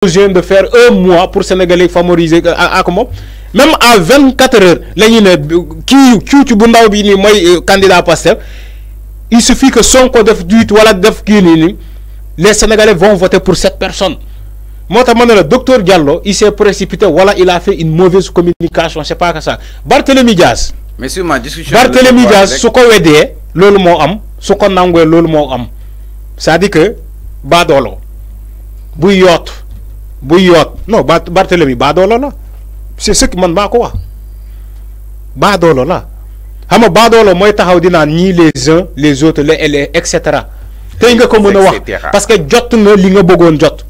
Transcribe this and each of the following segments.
de faire un mois pour Sénégalais favoriser euh, à, comment même à 24 heures la qui ne tu kii ci euh, candidat il suffit que son def duit wala def kii les Sénégalais vont voter pour cette personne notamment le docteur Diallo il s'est précipité voilà il a fait une mauvaise communication c'est pas que ça Barthélemy Diaz mais ma discussion Barthélémy Diaz su ko weddee loolu moo am su ko am c'est-à-dire que badolo Bouillotte, buy non ba Barthélemy baadoolo la c'est ce que man maa wa badolo baadoolo la xam nga baadoolo mooy taxaw dina ni les uns les autres les et cetera. tey nga ko meuna wax parce que jot nga li nga bëggoon jot.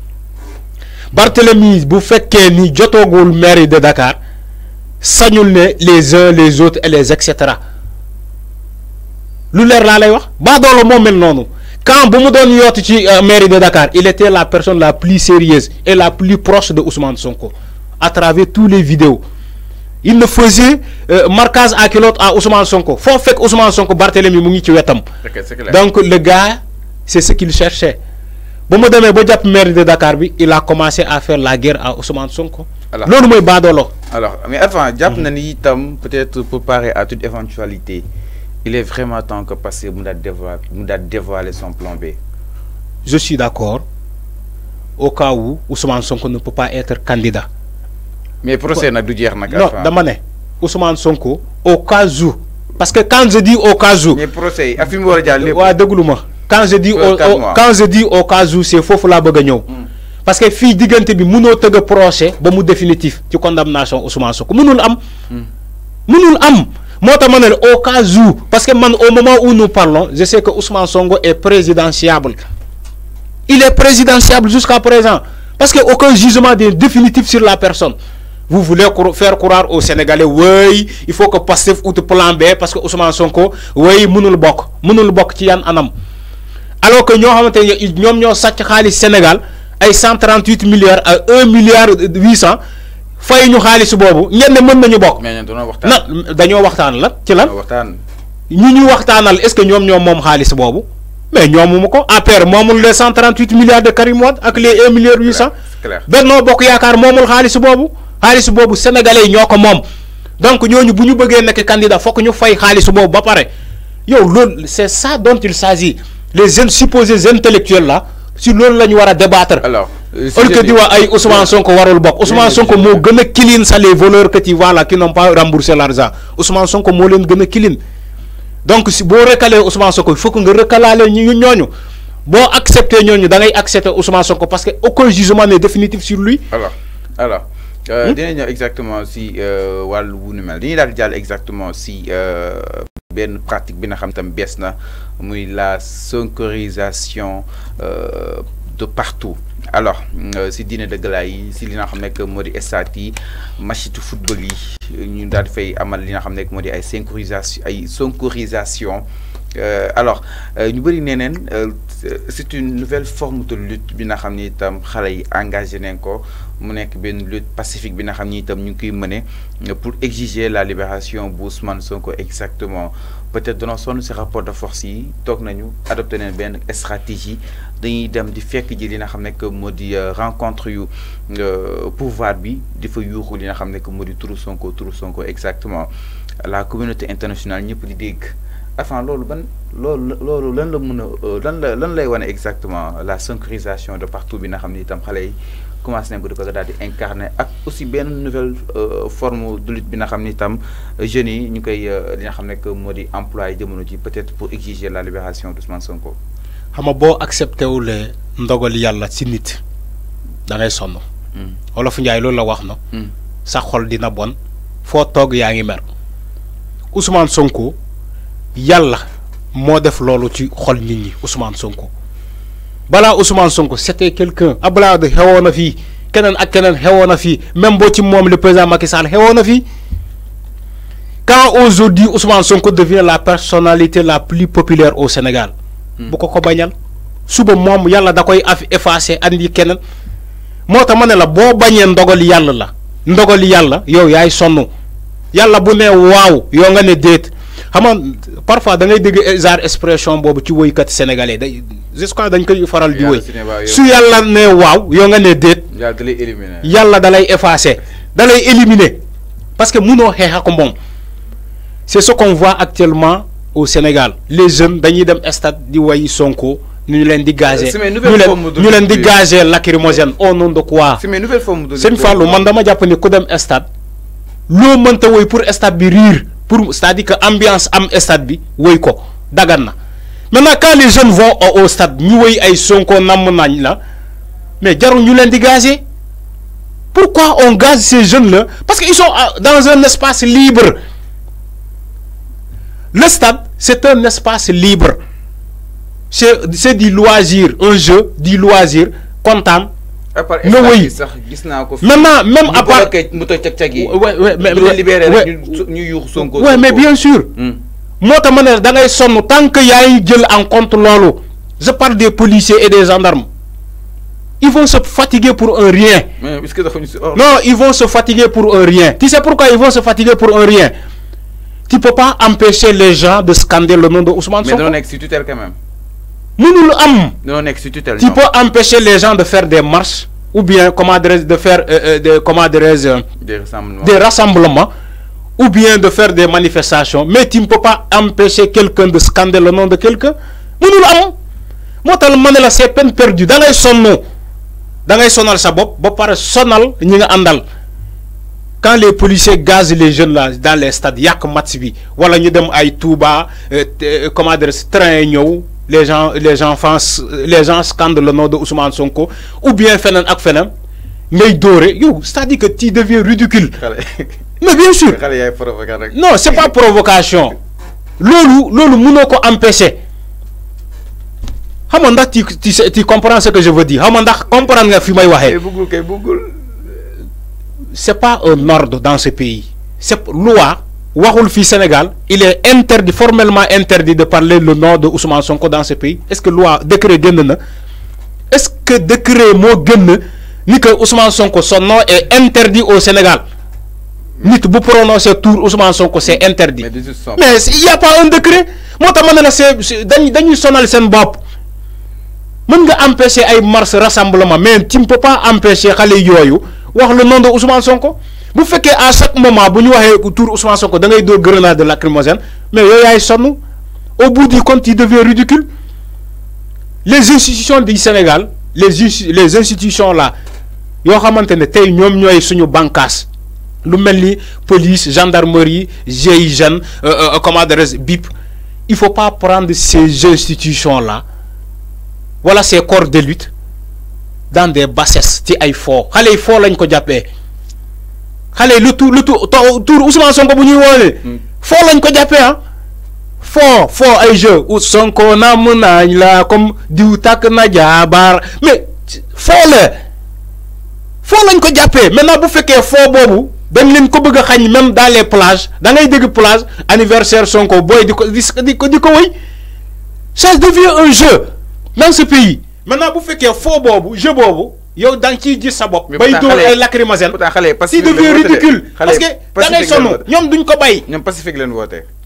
Barthélemy bu fekke ni jotoogul mairie de Dakar sañul ne les uns les autres et les et cetera lu leer la lay wax badolo mo mel nonou quand Boumoudon Yot ci euh, mairie de Dakar, il était la personne la plus sérieuse et la plus proche de Ousmane Sonko. À travers tous les vidéos. Il ne faisait euh, marquage à l'autre à Ousmane Sonko. Faut faire Ousmane Sonko Barthélémy Mouni Tchouetam. Donc le gars, c'est ce qu'il cherchait. Boumoudon Yot, mairie de Dakar, il a commencé à faire la guerre à Ousmane Sonko. Alors, alors mais avant, Diap Nani peut-être préparer à toute éventualité il est vraiment temps que Passé nous a son plan B. Je suis d'accord. Au cas où Ousmane Sonko ne peut pas être candidat. Mais procès n'a pas Non, d'amane. Ousmane Sonko, au cas où. Parce que quand je dis au cas où. Mais procès, affirme-moi quand je dis au, quand je dis au cas où c'est faux pour la a hmm. parce que fii diggante bi mënoo de procès ba définitif tu condamnation Ousmane Sonko mënul am hmm. mënul am moi, je au cas où parce que au moment où nous parlons je sais que Ousmane Songo est présidentiable il est présidentiable jusqu'à présent parce qu'aucun aucun jugement définitif sur la personne vous voulez faire courir aux Sénégalais oui il faut que ou ou plan B parce que Ousmane Sonko oui mënul bokk mënul alors que nous avons, ne Sénégal 138 milliards à 1 milliard 800 fay ñu xaalis boobu ñenn mën nañu bokk. na dañoo waxtaan la ci lan. ñu ñu waxtaanal est-ce que ñoom ñoom moom xaalis boobu. mais ñoomu ko APR moomul les cent milliards de Karim ak les un milliard huit cent. Benno Bokk Yaakaar moomul xaalis boobu. xaalis boobu sénégalais yi ñoo ko moom donc ñooñu bu ñu bëggee nekk candidat fokk ñu fay xaalis boobu ba pare yow loolu c'est ça dont il s'agit les jeunes supposés intellectuels là si loolu la ñu war a débattre. alors euh, au que di wax ay Ousmane Sonko warul bok Ousmane Sonko mo gëna clean ça les voleurs que tu vois là qui n'ont pas remboursé l'argent Ousmane Sonko mo leen gëna clean donc si boo recalé Ousmane Sonko il faut que nga recalaale ñu ñooñu bo accepter ñooñu da ngay accepter Ousmane Sonko parce que aucun jugement n'est définitif sur lui. alors alors. euh, hmm? ñëw exactement si euh, wal wu ñu mel dañuy dal exactement si. ben pratique bi nga xam tam bees na muy la sonkorisation de partout alors euh, si dîner de gala yi si li nga xam nekk moo di stade match de football yi ñu dal fay amal li nga xam nekk moo ay synchronisation ay synchronisation euh, alors euh, ñu bari nee c'est une nouvelle forme de lutte bi nga xam tam xalé yi engagé nañ ko mu nekk ben lutte pacifique bi nga xam itam ñu koy mëne pour exiger la libération bu Ousmane Sonko exactement peut-être dans son ce rapport de force yi toog nañu adopter une ben stratégie dañuy dem di fekk ji li nga xam ne que euh, rencontre yu euh, pouvoir bi di fa yuuxu li nga xam ne que moo Sonko turu Sonko exactement la communauté internationale ñep di dégg enfin loolu ban loolu lan la mën a euh, lan la lan lay wane exactement la synchronisation de partout bi nga xam ni itam xale yi commencé nañ ko di ko daal di incarner ak aussi benn nouvelle euh, forme de lutte bi nga xam ni itam jeunes yi ñu koy euh, li nga xam ne que moo di emploi jamono ji peut-être pour exiger la libération d'Ousmane Sonko. xam nga boo accepté le ndogal yàlla ci nit da ngay sonn. Hmm. Olof Njaay loolu la wax na. Hmm. sa xol dina bon foo toog yaa ngi mer Ousmane Sonko. Yalla, moi def loolu ci xol nit ñi Ousmane Sonko bala Ousmane Sonko c'était quelqu'un Abdoulaye xewoon fi kenen ak kenen même bo ci le président Macky Sall quand aujourd'hui Ousmane Sonko devient la personnalité la plus populaire au Sénégal. Hmm. bu ko ko bañal suba mom yalla da koy af effacer andi kenen mota la boo la ndogal yalla yow yaay bu nga ne Haman parfois da ngay dégg genre expression boobu ci woykat sénégalais day jusqu'à dañ koy faral di woy ne waaw nga ne déet yàlla da lay effacer da éliminer parce que munoo xeex ak moom c'est ce qu'on voit actuellement au Sénégal les jeunes dañuy dem stade di way Sonko ñu leen di ñu leen di au nom de quoi sëñ man dama jàpp ni ku dem stade pour établir pour c'est-à-dire que ambiance am stade bi woy ko dagan maintenant quand les jeunes vont au stade ñu woy ay Sonko sont nañ la mais ils ñu len pourquoi on gaze ces jeunes là parce qu'ils sont euh, dans un espace libre le stade c'est un espace libre c'est du loisir un jeu du loisir content, mais même à part ouais mais bien sûr hmm. Moi, en je parle des policiers et des gendarmes ils vont se fatiguer pour un rien non ils vont se fatiguer pour un rien tu sais pourquoi ils vont se fatiguer pour un rien tu peux pas empêcher les gens de scander le nom de Ousmane Sonko mais non, nekk quand même Nous, nous, tu peux empêcher les gens de faire des marches ou bien comment de faire euh, euh, de, comment euh, des, rassemblements. des, rassemblements. ou bien de faire des manifestations. Mais tu ne peux pas empêcher quelqu'un de scander le nom de quelqu'un. Nous nous l'avons. Moi, je peine perdue. Dans les sonnons, dans les sonnons, ça va sonal, andal. Quand les policiers gazent les jeunes là, dans les stades, yak match bi, voilà, nous dem ay touba, comment dire, train les gens les enfants les gens scandent le nom de Ousmane Sonko ou bien Fenan ak mais il doré You, c'est-à-dire que tu deviens ridicule mais bien sûr non c'est pas provocation lolu lolu mënoko empêcher tu comprends ce que je veux dire Hamanda, n'est comprendre c'est pas un ordre dans ce pays c'est loi waxul fi Sénégal il est interdit formellement interdit de parler le nom de Ousmane Sonko dans ce pays est-ce que loi décret génn na est-ce que décret Mo génn ni que Ousmane Sonko son nom est interdit au Sénégal nit bu prononcer tout, Ousmane Sonko c'est interdit mais il n'y a pas un décret Moi, je ma c'est dañuy sonal seen bopp mën nga empêcher ay marche rassemblement mais tu ne peux pas empêcher xale yooyu voir le nom de Ousmane Sonko bu fekkee à chaque moment bu ñu waxee tour Ousmane Sonko da ngay de grenade lacrymogène mais yooyu yaay au bout du compte il devient ridicule les institutions du Sénégal les les institutions là yoo xamante ne tey ñoom ñooy suñu bànqaas lu mel ni police gendarmerie GIGN euh, euh, euh, comment dirais BIP il faut pas prendre ces institutions là voilà ces corps de lutte dans des bassesses ci ay foo xale yi foo lañ ko jàppee xale yi lu tu lu tu tuur Ousmane Sonko bu ñuy wolé fo lañ ko jappé hein ah? fo fo ay jeu Sonko mu naañ la comme diou tak na jabar mais fo le fo lañ ko jappé maintenant bu féké fo bobu dañ leen ko bëgg a xañ même dans les plages da ngay dégg plage anniversaire Sonko boy diko ko diko, diko di ko wëy ça devient un jeu dans ce pays maintenant bu féké fo bobu jeu bobu yow dang ci gis sa bay ay parce devient ridicule parce que da ngay duñ ko pacifique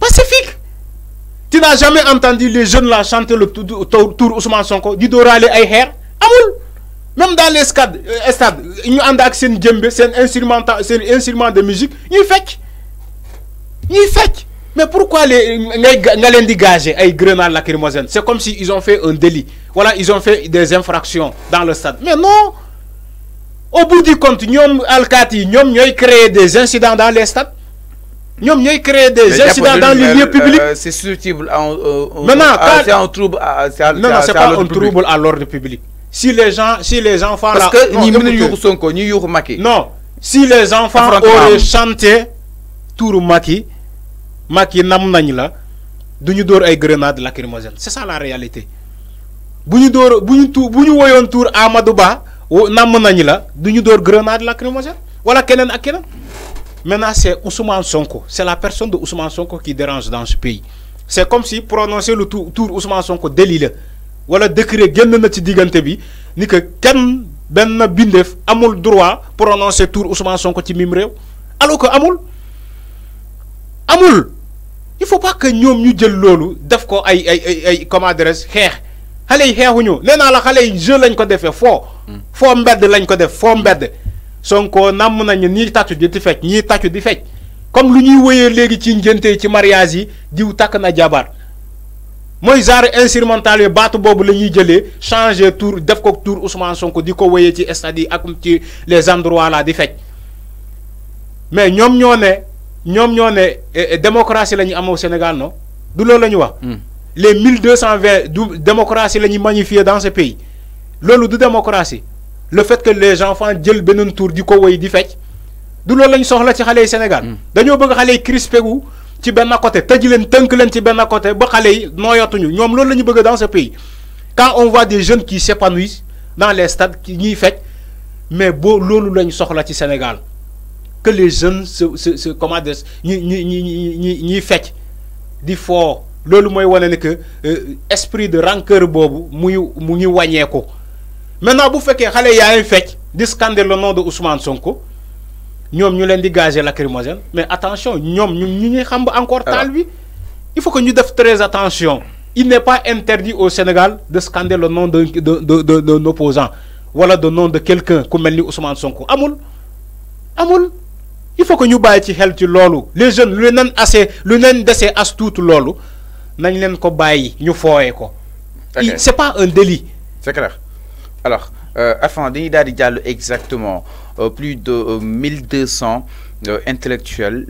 pacifique. tu n'as jamais entendu les jeunes là chanter le tour Ousmane Sonko di ralé ay xeer amul. même dans les euh, stades ñu ak seen instrument seen instrument de musique ñu fecc ñu fecc. Mais pourquoi les Ngalendi gagé avec grenades lacrymogènes C'est comme s'ils ils ont fait un délit. Voilà, ils ont fait des infractions dans le stade. Mais non Au bout du compte, nous, Al-Kati, nous avons créé des incidents dans les stades. Nous avons créé des incidents dans les lieux publics. Euh, c'est susceptible euh, euh, à un, trouble à, Non, non, c'est pas un trouble à l'ordre public. Si les gens, si les enfants... Parce que nous, nous, maqués. Non, si les enfants auraient chanté Tourou Maki, maki yi nam nañ la duñu ñu ay grenade lacrymogène c'est ça la réalité buñu ñu buñu tu buñu woyon tour Amadou Ba nam nañ la duñu ñu dóor grenade lacrymogène wala kenen ak maintenant c'est Ousmane Sonko c'est la personne de Ousmane Sonko qui dérange dans ce pays c'est comme si prononcer le tour tour Ousmane Sonko délit wala décret genn na ci diganté bi ni que ken ben bindeef amul droit prononcer tour Ousmane Sonko ci mim rew alors que amul amul il faut pas que ñom ñu jël lolu def ko ay ay ay ay comment dirais-je xeex xale yi xeexuñu nee naa la xalé yi jeu lañ ko defee fo hmm. fo mbedd lañ ko def fo mbedd. Sonko nam nañu ni tàccu di fecc ni tàccu di fecc comme lu ñuy wëyee léegi ci ngénte ci mariage yi diw tak na jabar moy zar instrumental yi baatu boobu la ñuy changer tour def ko tour Ousmane Sonko diko wëyé ci stade ak ci les endroits là di fecc mais ñom ñoo né ñom ñoo eh, eh, démocratie lañu am au Sénégal non du loolu lañu wax. Hmm. les 1220 démocratie lañu magnifier dans ce pays loolu du démocratie le fait que les enfants jël benen tour di ko woy di fecc du loolu lañu soxla ci xalé Sénégal. Hmm. dañu bëgg xalé crispé wu ci benn côté tëj leen tënk leen ci benn côté ba xalé yi nooyatuñu ñoom loolu la bëgg dans ce pays quand on voit des jeunes qui s'épanouissent dans les stades qui ñi fecc mais bo loolu lañu soxla ci Sénégal que les jeunes se se se comment dire ñi ñi ñi ñi ñi di euh, esprit de rancœur bobu muy mu ngi si maintenant bu féké y a un fecc di scander le nom de Ousmane Sonko ñom ñu len di la lacrymogène mais attention ñom ñu ñi ngi xam encore il faut que ñu def très attention il n'est pas interdit au Sénégal de scander le nom de de de de d'un opposant wala de nom de quelqu'un comme Ousmane Sonko amul amul il faut que nous bàyyi ci lolo. les jeunes le assez, lu d'assez as tuuti nañ ko ñu Nous pas un délit. clair alors afin euh, exactement euh, plus de 1200 euh, intellectuels.